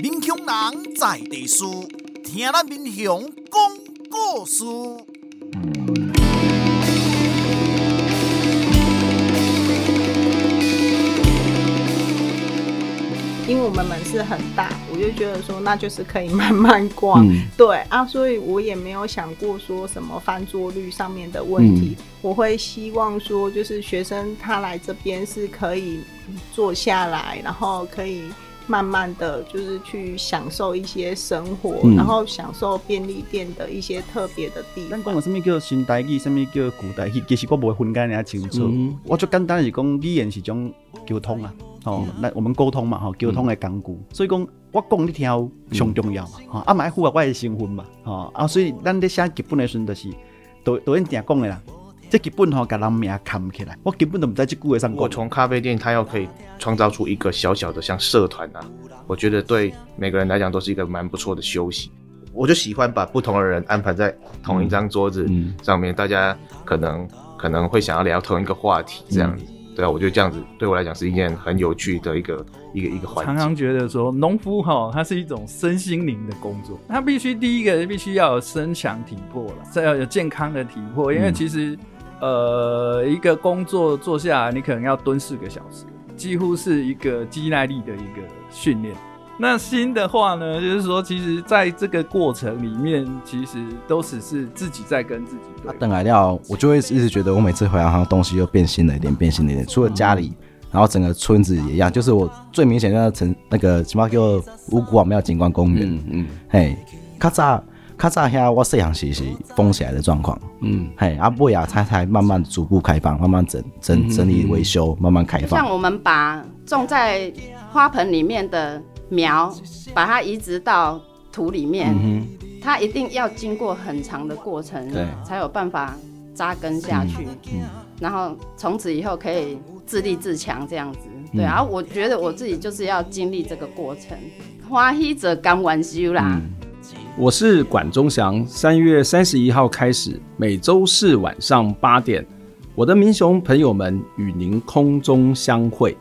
民雄人在地事，聽咱民雄講故事。因為我們門市很大，我就覺得說，那就是可以慢慢逛。嗯、對啊，所以我也沒有想過說什麼翻桌率上面的問題。嗯、我會希望說，就是學生他來這邊是可以坐下來，然後可以。慢慢的就是去享受一些生活，嗯，然後享受便利店的一些特別的地方。但講我什麼叫做新台語，什麼叫古台語，其實我袂分那麼清楚。嗯、我就簡單的是講，語言是一種溝通啊，哦，那、嗯、我們溝通嘛，吼、哦，溝通的工具。嗯、所以講我講你聽，上重要嘛，嗯，啊，買副啊，我的身份嘛，吼、哦嗯，啊，所以咱在寫劇本的時候，就是，就是導導演點講的啦。這基本哈、哦、把人命扛不起來，我根本都唔在這句話上過。我從咖啡店，它要可以創造出一個小小的像社團啊，我覺得對每個人來講都是一個蠻不錯的休息。我就喜歡把不同的人安排在同一張桌子上面，嗯嗯，大家可能可能會想要聊同一個話題，嗯，這樣子。對啊，我覺得這樣子對我來講是一件很有趣的一個、嗯、一個一個環節。常常覺得說，農夫哈、哦，它是一種身心靈的工作，他必須第一個必須要有身強體魄了，這要有健康的體魄，嗯，因為其實。呃，一個工作做下來，你可能要蹲四個小時，幾乎是一個肌耐力的一個訓練。那新的話呢，就是說，其實在這個過程裡面，其實都只是自己在跟自己對、啊。等來料，我就會一直，一直覺得，我每次回來好像東西又變新了一點，變新了一點。除了家裡，然後整個村子也一樣，就是我最明顯的、那個城，那個什麼叫五穀王廟景觀公園，嗯嗯，嘿，卡扎。較早，我細漢時是是封起來的狀況，嗯，嘿，阿伯呀，它才慢慢逐步開放，慢慢整整整理維修，嗯嗯，慢慢開放。像我們把種在花盆裡面的苗，把它移植到土裡面，嗯、它一定要經過很長的過程，對才有辦法扎根下去，嗯嗯、然後從此以後可以自立自強這樣子。對啊、嗯，我覺得我自己就是要經歷這個過程，花一折干完修啦。嗯我是管中祥，三月三十一號開始，每周四晚上八點，我的民雄朋友們與您空中相會。